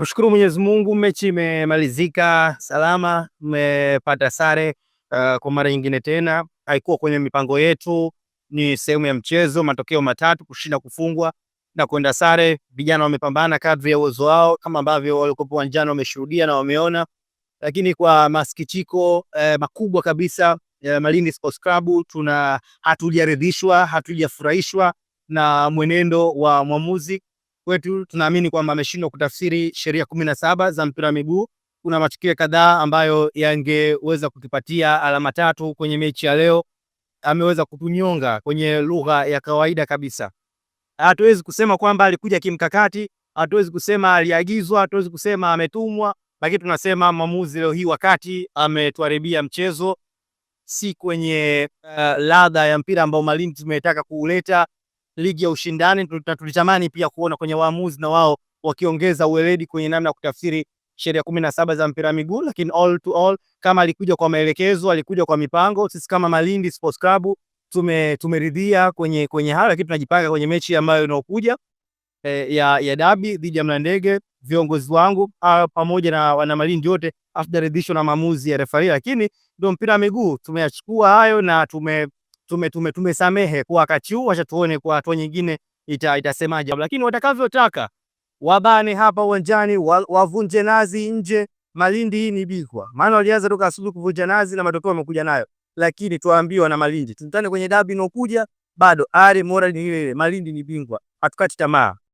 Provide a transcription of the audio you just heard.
Mshukuru Mwenyezi Mungu, mechi imemalizika salama, mmepata sare. Uh, kwa mara nyingine tena, haikuwa kwenye mipango yetu, ni sehemu ya mchezo. Matokeo matatu, kushinda, kufungwa na kwenda sare. Vijana wamepambana kadri ya uwezo wao kama ambavyo walikuwa uwanjani wameshuhudia na wameona, lakini kwa masikitiko eh, makubwa kabisa eh, Malindi Sports Club tuna hatujaridhishwa, hatujafurahishwa na mwenendo wa mwamuzi kwetu tunaamini kwamba ameshindwa kutafsiri sheria kumi na saba za mpira wa miguu. Kuna matukio kadhaa ambayo yangeweza kutupatia alama tatu kwenye mechi ya leo. Ameweza kutunyonga kwenye lugha ya kawaida kabisa. Hatuwezi kusema kwamba alikuja kimkakati, hatuwezi kusema aliagizwa, hatuwezi kusema ametumwa, lakini tunasema mwamuzi leo hii wakati ametuharibia mchezo, si kwenye uh, ladha ya mpira ambao Malindi tumetaka kuuleta ligi ya ushindani, na tulitamani pia kuona kwenye waamuzi na wao wakiongeza uweledi kwenye namna ya kutafsiri sheria kumi na saba za mpira miguu. Lakini all to all, kama alikuja kwa maelekezo, alikuja kwa mipango, sisi kama Malindi Sports Club tume tumeridhia kwenye kwenye hayo, lakini tunajipanga kwenye mechi ambayo inaokuja e, ya ya dabi dhidi ya Mlandege. Viongozi wangu ah, pamoja na wana Malindi wote after redisho na maamuzi ya refari, lakini ndio mpira miguu, tumeyachukua hayo na tume tume, tume, tumesamehe kwa wakati huu, acha tuone kwa hatua nyingine ita, itasemaje, lakini watakavyotaka wabane hapa uwanjani wavunje nazi nje. Malindi hii ni bikwa, maana walianza toka asubuhi kuvunja nazi na matokeo yamekuja nayo, lakini tuambiwa na Malindi, tunatane kwenye dabi inokuja, bado ari morali ni ile ile. Malindi ni bingwa, hatukati tamaa.